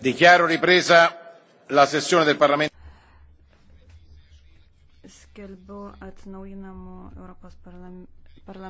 dichiaro ripresa la sessione del parlamento skelbiu atnaujinamų europos parlamento